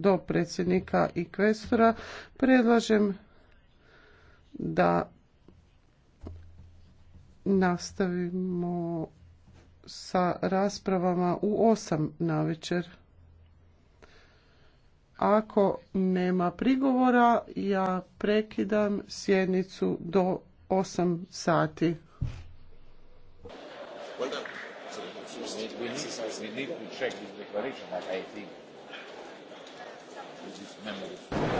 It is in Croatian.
do predsjednika i kvestora predlažem da nastavimo sa raspravama u 8 večer. Ako nema prigovora, ja prekidam sjednicu do 8 sati ne mogu